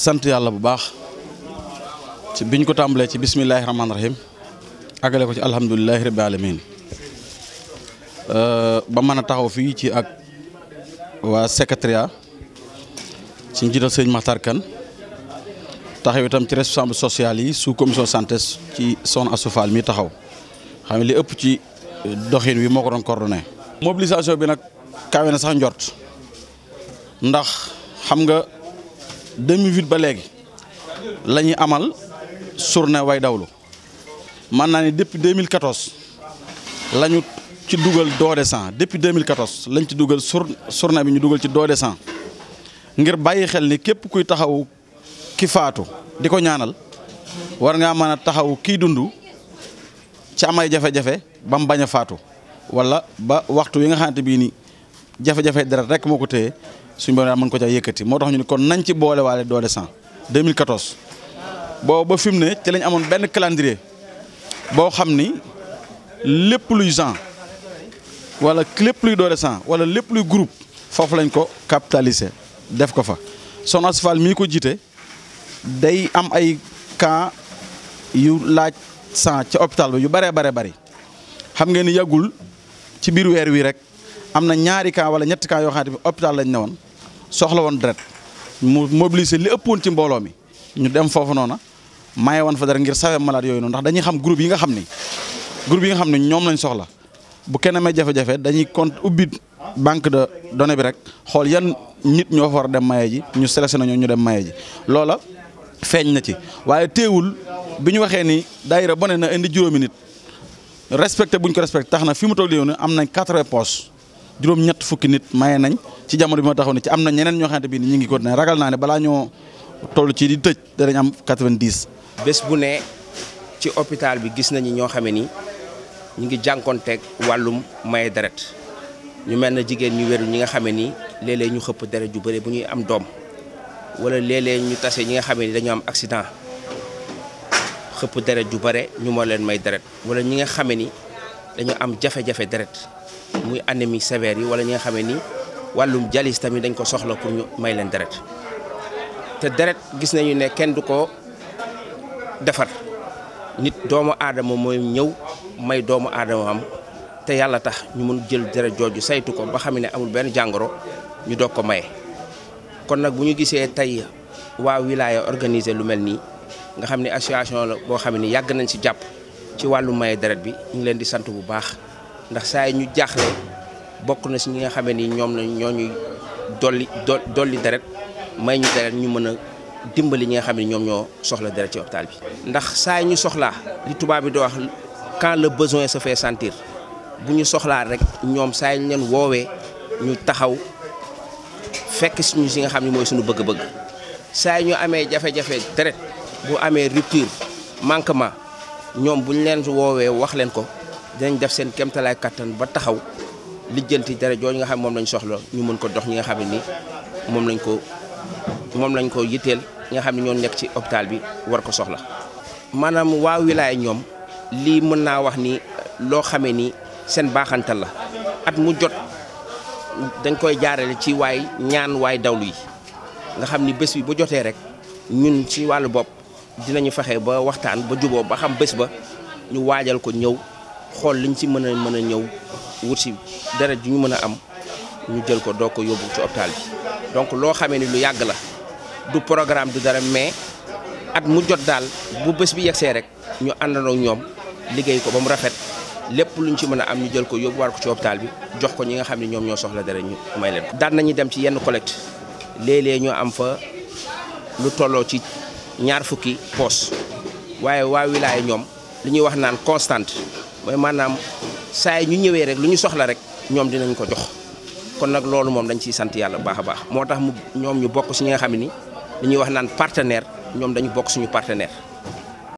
sant yàlla bu baax ci biñ ko tàmbalee ci bismillaahi rahmaani rahim agale ko ci alhamdulilahi rabbi alamin ba mën a taxaw fii ci ak waa secrétariat ci njiital sëñ Maxtar Kan taxaw itam ci responsable social yi su commission santé ci son asufal mi taxaw xam ne li ëpp ci doxin wi moo ko doon coordonné mobilisation bi nag kawe sax njort ndax xam nga 2008 ba léegi la ñuy amal journée way dawlu man naa ne depuis 2014 la ñu ci dugal don de sang depuis 2014 lañ ci dugal sur journée bi ñu dugal ci don de sang ngir bàyyi xel ni képp kuy taxaw ki faatu di ko ñaanal war ngaa mën a taxaw kiy dund ci amay jafe-jafe ba mu bañ a faatu wala ba waxtu wi nga xamante bii ni jafe-jafe deret rek moo ko téye suñu borom yaa mën ko ca yëkkati moo tax ñu ne kon nañ ci boole waale doole 100 2014 boobu ba fi mu ne ci lañ amoon benn calendrier boo xam ni lépp luy genre wala lépp luy doole 100 wala lépp luy groupe foofu lañ ko capitaliser def ko fa son asfal mii ko jiite day am ay cas yu laaj 100 ca hôpital bi yu bare bare bari xam ngeen ni yàggul ci biir weer wi rek am na ñaari cas wala ñetti cas yoo xam bi hopital lañ newoon soxla woon deret mu mobiliser li ëppoon ci mbooloo mi ñu dem foofu noona maye woon fa dara ngir sawe malade yooyu noonu ndax dañuy xam groupe yi nga xam ni groupe yi nga xam ne ñoom lañ soxla bu kenn amee jafe-jafe dañuy compte ubbi banque de données bi rek xool yan nit ñoo fa war a dem maye ji ñu sélectionné ñoo ñu dem maye ji loola feeñ na ci waaye teewul bi ñu waxee ni daayira bone na indi juróomi nit respecté buñ ko respecté tax na fi mu toog léegi am nañ quatre postes juróom-ñett fukki nit maye nañ ci jamono bi ma taxaw ne ci am na ñeneen ñoo xamante bi ni ñu ngi ko ne ragal naa ne balaa ñoo tollu ci di tëj danañ am 90. bés bu ne ci hôpital bi gis nañu ñoo xamee ni ñu ngi jànkoonteeg wàllum maye deret ñu mel na jigéen ñu wéru ñi nga xamee ni léeg-léeg ñu xëpp deret ju bëri bu ñuy am doom wala léeg ñu tase ñi nga xamee ni dañoo am accident xëpp deret ju bare ñu moo leen may deret wala ñi nga xamee ni dañu am jafe-jafe muy anémie sévère yi wala ñi nga xamee ni wàllum jalis tamit dañ ko soxla pour ñu may leen deret te deret gis nañu ne kenn du ko defar nit doomu aadama mooy ñëw may doomu aadama am te yàlla tax ñu mën jël deret jooju saytu ko ba xam ne amul benn jàngoro ñu doog ko maye. kon nag bu ñu gisee tey waa wilaya organiser lu mel nii nga xam ne association la boo xam ni yàgg nañ ci jàpp ci wàllu maye deret bi ñu leen di sant bu baax. ndax saa yi ñu jaaxle bokk na si ñi nga xam ne ni ñoom la ñoo ñu dolli dolli deret may ñu deret ñu mën a dimbali ñi nga xam ne ñoom ñoo soxla deret ci hôpital bi. ndax saa yi ñu soxlaa di tubaab bi di wax quand le besoin se fait sentir bu ñu soxlaa rek ñoom saa yi ñu leen woowee ñu taxaw fekk suñu si nga xam ne mooy suñu bëgg-bëgg saa yi ñu amee jafe-jafe deret bu amee rupture manquement ñoom bu leen woowee wax leen ko. dinañ def seen kéemtalaay kattan ba taxaw lijjanti dara jooju nga xam moom lañ soxla ñu mën ko dox ñi nga xam ne ni moom lañ ko moom lañ ko yitteel nga xam ne ñoo nekk ci hôpital bi war ko soxla. maanaam waa wilaay ñoom lii mën naa wax ni loo xamee ni seen baaxantal la at mu jot dañ koy jaarale ci waay ñaan waay dawlu yi nga xam ni bés bi bu jotee rek ñun ci wàllu bopp dinañu fexe ba waxtaan ba juboo ba xam bés ba ñu waajal ko ñëw. xool ñu ci mën a mën a ñëw wut si deret ju ñu mën a am ñu jël ko doo ko yóbbu ci opitaal bi donc loo xamee ni lu yàgg la du programme du dara mais at mu jot daal bu bés bi yegsee rek ñu àndandoo ñoom liggéey ko ba mu rafet lépp luñ ci mën a am ñu jël ko yóbbuwaat ko ci hôpital bi jox ko ñi nga xam ne ñoom ñoo soxla deret ñu may leen ko. daan nañu dem ci yenn collecte léeg ñoo am fa lu tolloo ci ñaar fukki poos waaye waa wilaay ñoom li ñuy wax naan constante. mooy maanaam saa ñu ñëwee rek lu ñu soxla rek ñoom dinañ ko jox kon nag loolu moom dañ ciy sant yàlla bu baax a baax moo tax mu ñoom ñu bokk si ñi nga xam ne ni dañuy wax naan partenaire ñoom dañu bokk suñu partenaire